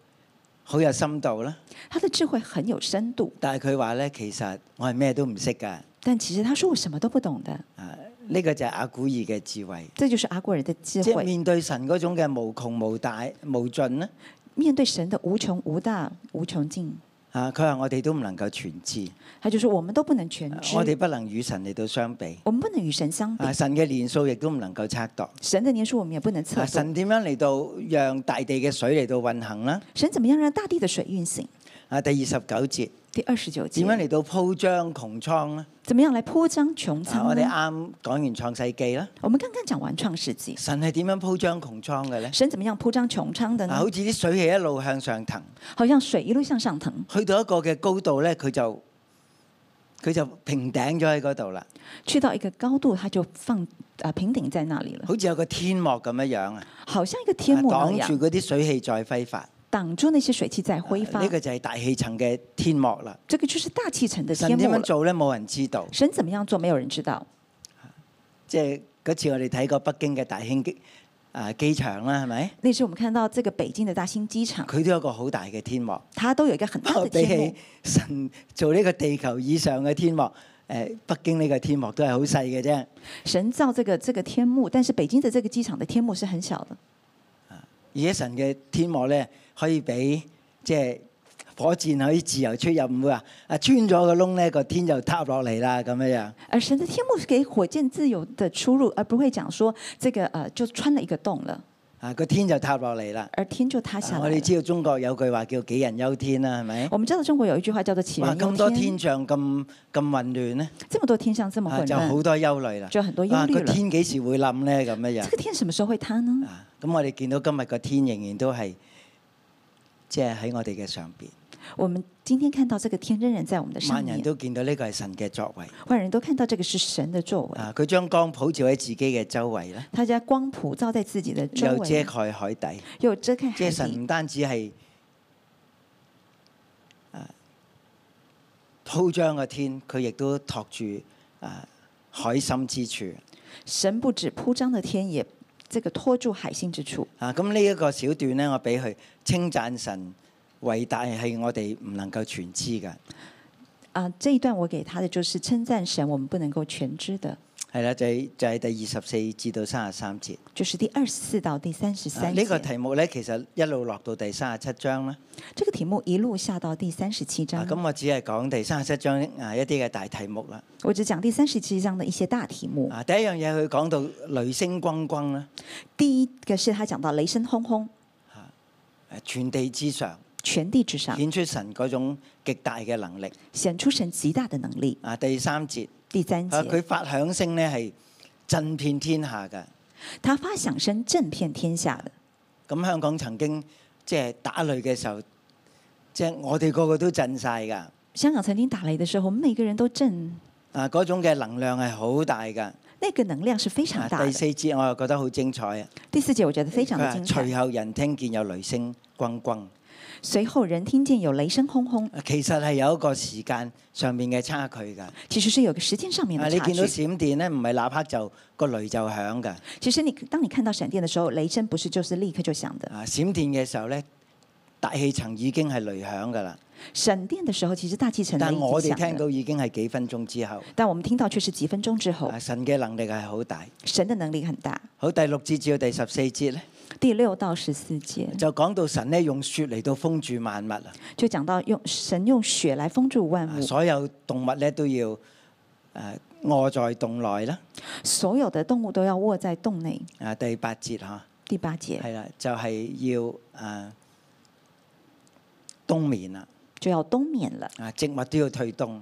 好有深度啦。他的智慧很有深度。但係佢話咧，其實我係咩都唔識噶。但其實他說我什麼都不懂的。啊，呢、這個就係阿古爾嘅智慧。這就是阿古爾的智慧。即係面對神嗰種嘅無窮無大無盡咧。面對神的無窮無大無窮盡。啊！佢話我哋都唔能夠全知，他就說我們都不能全知，我哋不、啊、不能與神嚟到相比，我們不能與神相比，啊、神嘅年數亦都唔能夠測度，神嘅年數我們也不能測度、啊，神點樣嚟到讓大地嘅水嚟到運行呢？神怎麼樣讓大地嘅水運行？啊，第二十九節。第二十九節點樣嚟到鋪張穹蒼咧？怎麼樣來鋪張穹蒼？我哋啱講完創世記啦。我們剛剛講完創世記。神係點樣鋪張穹蒼嘅咧？神怎麼樣鋪張穹蒼的，啊？好似啲水氣一路向上騰，好像水一路向上騰。去到一個嘅高度咧，佢就佢就平頂咗喺嗰度啦。去到一個高度，它就放啊平頂在那裡了。好似有個天幕咁樣樣啊，好像一個天幕、啊、擋住嗰啲水氣再揮發。擋住那些水汽在揮發，呢個就係大氣層嘅天幕啦。這個就是大氣層的天幕，這個天幕。神點樣做咧？冇人知道。神怎麼樣做，沒有人知道。即係嗰次我哋睇過北京嘅大興機啊、呃、機場啦，係咪？那次我們看到這個北京嘅大興機場，佢都有個好大嘅天幕，它都有一個很大的天幕。神做呢個地球以上嘅天幕，誒、呃，北京呢個天幕都係好細嘅啫。神造這個這個天幕，但是北京的這個機場的天幕是很小的。而且神嘅天幕咧，可以俾即係火箭可以自由出入，唔會話啊穿咗個窿咧，個天就塌落嚟啦咁樣樣。而神嘅天幕係給火箭自由嘅出入，而不會講說這個啊、呃、就穿了一個洞了。啊！個天就塌落嚟啦！我哋知道中國有句話叫杞人憂天啦，係咪？我唔知道中國有一句話叫做杞人憂天。咁多天象咁咁混亂咧？這麼多天象這麼，這麼混亂，啊、就好多憂慮啦。有很多憂慮個、啊啊、天幾時會冧咧？咁樣？個天什麼時候會塌呢？咁、啊、我哋見到今日個天仍然都係，即係喺我哋嘅上邊。我們今天看到這個天仍然在我們的上面，萬人都見到呢個係神嘅作為，萬人都看到這個是神嘅作,作為。啊，佢將光普照喺自己嘅周圍咧，他將光普照在自己嘅周,周圍，又遮蓋海底，又遮蓋海底。即係神唔單止係啊鋪張嘅天，佢亦都托住啊海心之處。神不止鋪張嘅天，也這個拖住海深之處。啊，咁呢一個小段呢，我俾佢稱讚神。偉大係我哋唔能夠全知嘅。啊，這一段我給他的就是稱讚神，我們不能夠全知的。係啦，就係、是、就係、是、第二十四至到三十三節，就是第二十四到第三十三節。呢、啊這個題目咧，其實一路落到第三十七章，啦。這個題目一路下到第三十七章。咁我只係講第三十七章啊一啲嘅大題目啦。我只講第三十七章的一些大題目。啊，第一樣嘢佢講到雷聲轟轟啦。第一個係他講到雷聲轟轟，啊，誒，全地之上。全地之上，顯出神嗰種極大嘅能力，顯出神極大嘅能力。啊，第三節，第三節，佢發響聲咧係震遍天下噶，他發響聲震遍天下嘅。咁香港曾經即係、就是、打雷嘅時候，即、就、係、是、我哋個個都震晒噶。香港曾經打雷嘅時候，每個人都震。啊，嗰種嘅能量係好大噶。呢、那個能量是非常大。第四節我又覺得好精彩。啊，第四節我覺得非常精彩。隨後人聽見有雷聲轟轟。隨後人聽見有雷聲轟轟。其實係有一個時間上面嘅差距噶。其實是有一個時間上面嘅差距。你見到閃電咧，唔係立刻就個雷就響噶。其實你當你看到閃電嘅時候，雷聲不是就是立刻就響的。閃電嘅時候咧，大氣層已經係雷響噶啦。閃電嘅時候，其實大氣層。但我哋聽到已經係幾分鐘之後。但我們聽到卻是幾分鐘之後。神嘅能力係好大。神嘅能力很大。好，第六節至到第十四節咧。第六到十四節就講到神咧用雪嚟到封住萬物啦，就講到用神用雪嚟封住萬物，所有動物咧都要誒卧在洞內啦，所有的動物都要卧在洞內。啊，第八節吓，第八節係啦、啊，就係、是、要誒、啊、冬眠啦，就要冬眠啦。啊，植物都要退冬，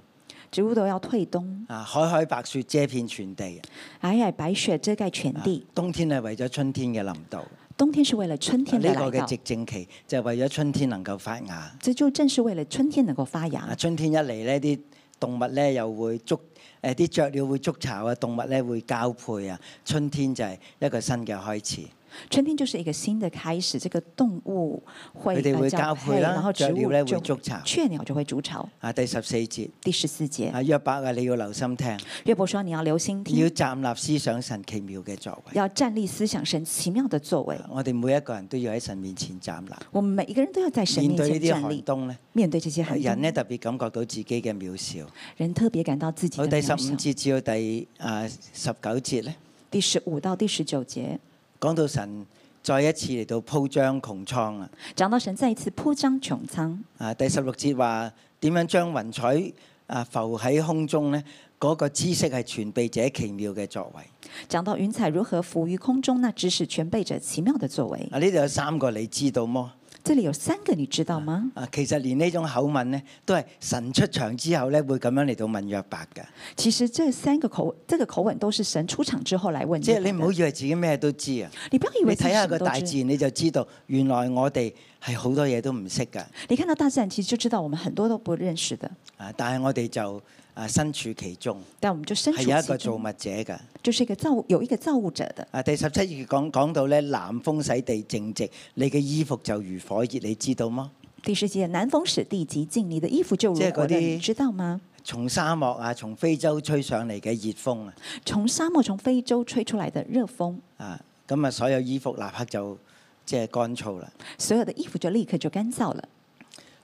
植物都要退冬。啊，海海白雪遮遍全地，皚皚白雪遮蓋全地。冬天係為咗春天嘅臨到。冬天是為了春天呢、這個嘅寂靜期，就係、是、為咗春天能夠發芽。這就正是為了春天能夠發芽。春天一嚟呢啲動物咧又會築，誒、呃、啲雀鳥會築巢啊，動物咧會交配啊。春天就係一個新嘅開始。春天就是一個新的開始，這個動物會佢哋會交配啦，呃，然後植物咧會築巢，雀鳥就會築巢。啊，第十四節，第十四節啊，約伯啊，你要留心聽。約伯說你要留心聽，要站立思想神奇妙嘅作為，要站立思想神奇妙嘅作為。啊，我哋每一個人都要喺神面前站立。我們每一個人都要在神面前站立。寒冬咧，面對這些寒冬呢，人咧特別感覺到自己嘅渺小。人特別感到自己。好，呃，第十五節至到第啊十九節咧，第十五到第十九節。講到神再一次嚟到鋪張穹蒼啊！講到神再一次鋪張穹蒼啊！第十六節話點樣將雲彩啊浮喺空中咧？嗰、那個知識係全備者奇妙嘅作為。講到雲彩如何浮於空中，那知識全備者奇妙嘅作為。啊！呢度有三個，你知道麼？這裏有三個，你知道嗎？啊，其實連呢種口吻咧，都係神出場之後咧，會咁樣嚟到問約伯嘅。其實這三個口吻，這個口吻都是神出場之後嚟問約伯。即係你唔好以為自己咩都知啊！你不要以為你睇下個大自然，你就知道原來我哋係好多嘢都唔識嘅。你看到大自然，其實就知道我們很多都不認識的。啊，但係我哋就。啊，身處其中，但我們就身處有一個造物者噶，就是一個造有一個造物者的。啊、就是，第十七節講講到咧，南風使地靜寂，你嘅衣服就如火熱，你知道嗎？第十七節，南風使地極靜，你嘅衣服就即係嗰啲，你知道嗎？從沙漠啊，從非洲吹上嚟嘅熱風啊，從沙漠從非洲吹出嚟嘅熱風啊，咁啊，所有衣服立刻就即係乾燥啦，所有的衣服就立刻就乾燥了。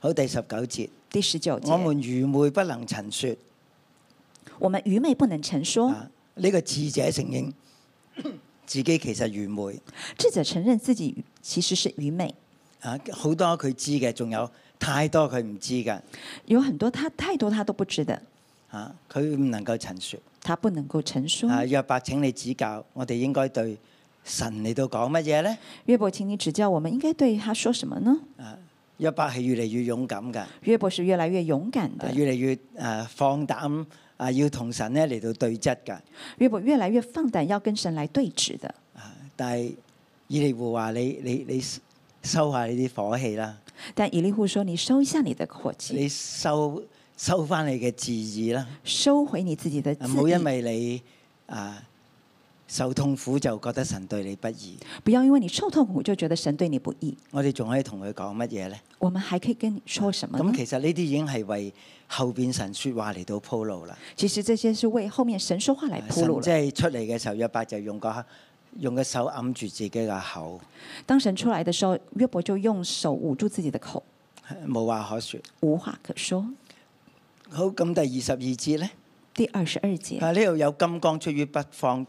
好，第十九節，第十九節，我們愚昧不能陳說。我們愚昧不能陳說，呢、這個智者承認自己其實愚昧。智者承認自己其實是愚昧。啊，好多佢知嘅，仲有太多佢唔知嘅。有很多他，他太多，他都不知的。啊，佢唔能夠陳述。他不能夠陳說。啊，約伯，請你指教，我哋應該對神嚟到講乜嘢咧？約伯，請你指教，我們應該對他說什麼呢啊，約伯係越嚟越勇敢嘅。約伯是越嚟越勇敢的，越嚟越誒放膽。啊！要同神咧嚟到對質嘅，約伯越來越放膽要跟神來對峙的。啊！但係以利戶話：你你你收下你啲火氣啦。但以利戶說你你：你收一下你嘅火氣，你收收翻你嘅自語啦，收回你自己的，唔好因為你啊，受痛苦就覺得神對你不義，不要因為你受痛苦就覺得神對你不義。我哋仲可以同佢講乜嘢呢？我們還可以跟你說什麼？咁其實呢啲已經係為後邊神說話嚟到鋪路啦。其實這些是為後面神說話嚟鋪路。即係出嚟嘅時候，約伯就用個用個手揞住自己嘅口。當神出嚟嘅時候，約伯就用手捂住自己嘅口，冇話可說，無話可說。好，咁第二十二節呢？第二十二節啊，呢度有金光出於北方。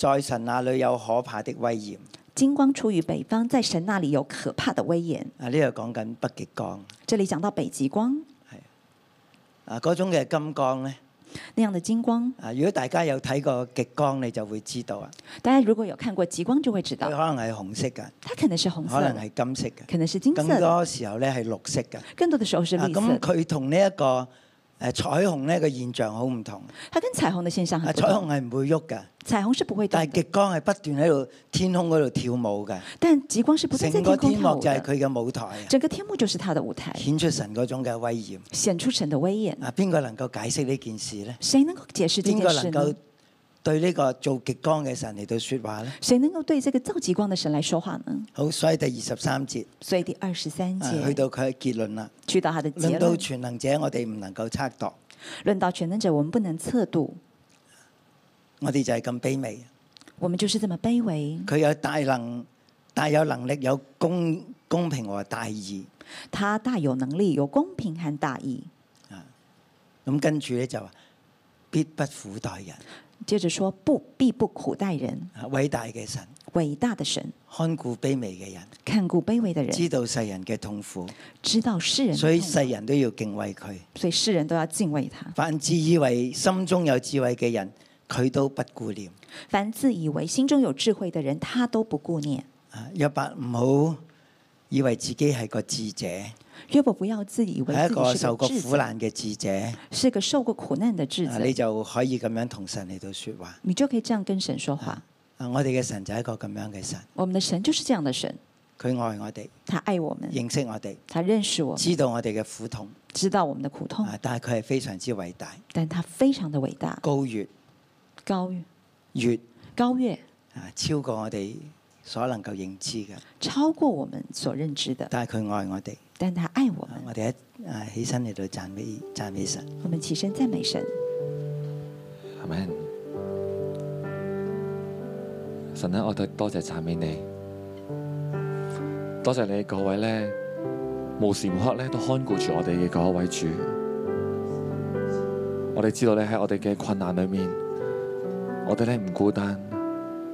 在神那裏有可怕的威嚴，金光出於北方，在神那裏有可怕的威嚴。啊，呢度講緊北極光，這裏講到北極光，係啊，嗰種嘅金光咧，呢樣嘅金光啊，如果大家有睇過極光，你就會知道啊。大家如果有看過極光，就會知道，佢可能係紅色噶，它可能是紅色，可能係金色噶，可能是金色，更多時候咧係綠色噶，更多嘅時候是綠色。咁佢同呢一個。誒彩虹呢個現象好唔同，佢跟彩虹嘅現象，彩虹係唔會喐嘅，彩虹是不會動的，是不會動的，但係極光係不斷喺度天空嗰度跳舞嘅，但極光是不斷在天空跳舞的，整個天幕就係佢嘅舞台，整個天幕就是佢的舞台，顯出神嗰種嘅威嚴，顯出神的威嚴。啊，邊個能夠解釋呢件事咧？誰能夠解釋呢件事呢？對呢個做極光嘅神嚟到說話咧？誰能夠對這個造極光嘅神嚟說話呢？好，所以第二十三節。所以第二十三節。去到佢嘅結論啦。去到他的結論。去到結論，到全能者，我哋唔能夠測度。論到全能者，我們不能測度。我哋就係咁卑微。我們就是這麼卑微。佢有大能，大有能力，有公公平和大義。他大有能力，有公平和大義。啊，咁跟住咧就必不苦待人。接着說，不必不苦待人。偉大嘅神，偉大的神看顧卑微嘅人，看顧卑微的人知道世人嘅痛苦，知道世人，所以世人都要敬畏佢，所以世人都要敬畏他。凡自以為心中有智慧嘅人，佢都不顧念。凡自以為心中有智慧嘅人，他都不顧念。啊，一百五號。以為自己係個智者，如果不要自以為自己係一個受過苦難嘅智者，是個受過苦難嘅智者，你就可以咁樣同神嚟到說話，你就可以這樣跟神說話。啊，我哋嘅神就係一個咁樣嘅神，我們嘅神就是這樣嘅神，佢愛我哋，他愛我們，認識我哋，他認識我們，知道我哋嘅苦痛，知道我們的苦痛，但係佢係非常之偉大，但他非常的偉大，高越，高越，越高越啊，超過我哋，所能夠認知嘅，超過我們所認知嘅，但係佢愛我哋，但佢愛我我哋，喺起身嚟到讚美讚美神。我們起身讚美神。阿門。神啊，我哋多謝讚美你，多謝你各位呢，無時無刻呢都看顧住我哋嘅嗰一位主。我哋知道你喺我哋嘅困難裡面，我哋呢唔孤單。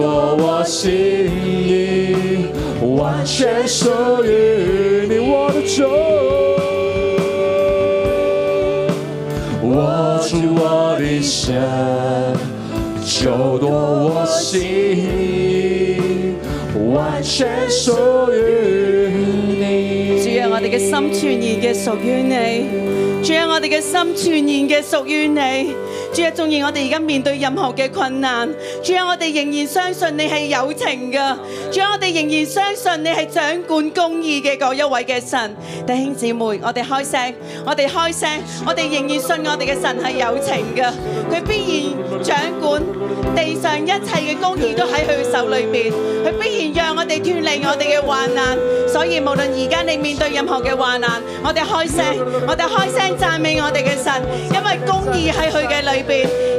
若我心意完全屬於你，我的主，握住我的手，就奪我心意完全屬於你。主啊，我哋嘅心全然嘅屬於你。主啊，我哋嘅心全然嘅屬於你。主啊，我哋而家面對任何嘅困難。只要我哋仍然相信你係有情嘅，只要我哋仍然相信你係掌管公義嘅嗰一位嘅神，弟兄姊妹，我哋開聲，我哋開聲，我哋仍然信我哋嘅神係有情嘅，佢必然掌管地上一切嘅公義都喺佢手裏邊，佢必然讓我哋脫離我哋嘅患難，所以無論而家你面對任何嘅患難，我哋開聲，我哋開聲讚美我哋嘅神，因為公義喺佢嘅裏邊。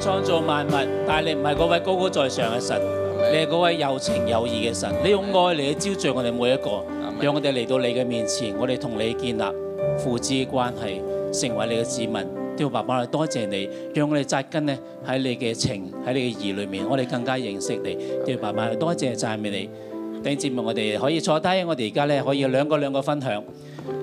創造萬物，但係你唔係嗰位高高在上嘅神，你係嗰位有情有義嘅神。你用愛嚟去招聚我哋每一個，讓我哋嚟到你嘅面前，我哋同你建立父子關係，成為你嘅子民。天父爸爸，多謝你，讓我哋扎根咧喺你嘅情喺你嘅義裏面，我哋更加認識你。天父爸爸，多謝讚美你。等節目我哋可以坐低，我哋而家咧可以有兩個兩個分享。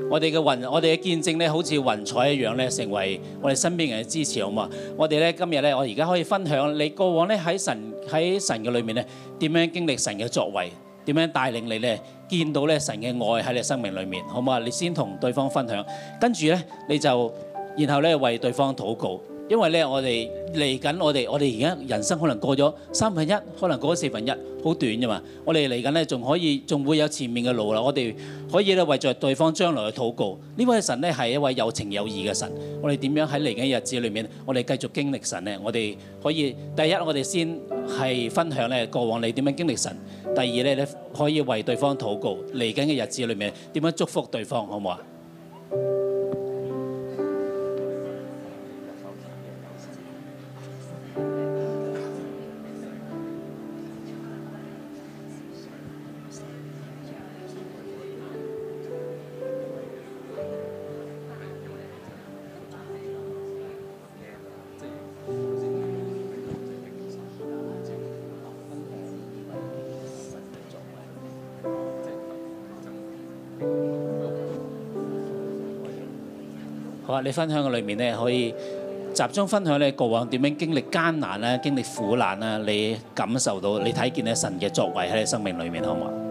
我哋嘅雲，我哋嘅見證呢，好似雲彩一樣呢，成為我哋身邊人嘅支持，好嘛？我哋呢今日呢，我而家可以分享你過往呢，喺神喺神嘅裏面呢，點樣經歷神嘅作為，點樣帶領你呢，見到呢神嘅愛喺你生命裏面，好嘛？你先同對方分享，跟住呢，你就然後呢，為對方禱告。因為咧，我哋嚟緊，我哋我哋而家人生可能過咗三分一，可能過咗四分一，好短咋嘛？我哋嚟緊咧，仲可以，仲會有前面嘅路啦。我哋可以咧為咗對方將來去禱告。呢位神咧係一位有情有義嘅神。我哋點樣喺嚟緊嘅日子裏面，我哋繼續經歷神呢？我哋可以第一，我哋先係分享咧過往你點樣經歷神，第二咧，可以為對方禱告。嚟緊嘅日子裏面點樣祝福對方？好唔好啊？你分享嘅裏面咧，可以集中分享你的過往點樣經歷艱難咧，經歷苦難啊，你感受到，你睇見神嘅作為，喺你生命裏面，好唔好？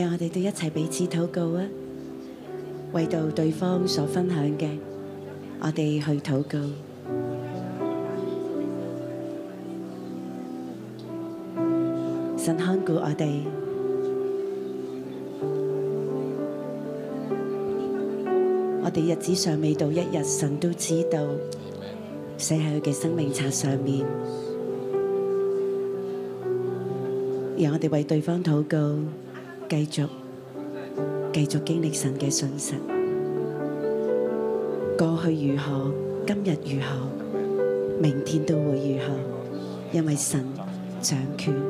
讓我哋都一齊彼此禱告啊！為到對方所分享嘅，我哋去禱告。神看顧我哋，我哋日子尚未到，一日，神都知道寫喺佢嘅生命冊上面。讓我哋為對方禱告。繼續，繼續經歷神嘅信實。過去如何，今日如何，明天都會如何，因為神掌權。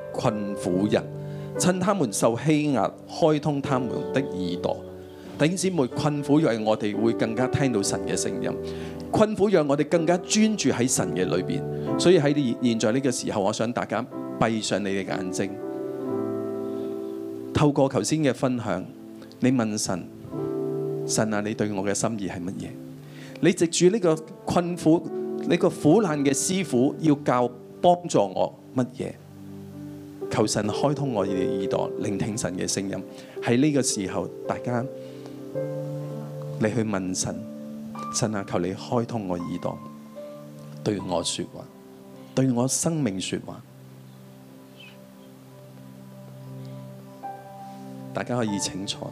困苦人，趁他們受欺壓，開通他們的耳朵。弟兄姊妹，困苦讓我哋會更加聽到神嘅聲音，困苦讓我哋更加專注喺神嘅裏邊。所以喺現現在呢個時候，我想大家閉上你嘅眼睛，透過頭先嘅分享，你問神，神啊，你對我嘅心意係乜嘢？你藉住呢個困苦，你，呢個苦難嘅師傅，要教幫助我乜嘢？求神開通我嘅耳朵，聆聽神嘅聲音。喺呢個時候，大家你去問神，神啊，求你開通我耳朵，對我說話，對我生命說話。大家可以請坐。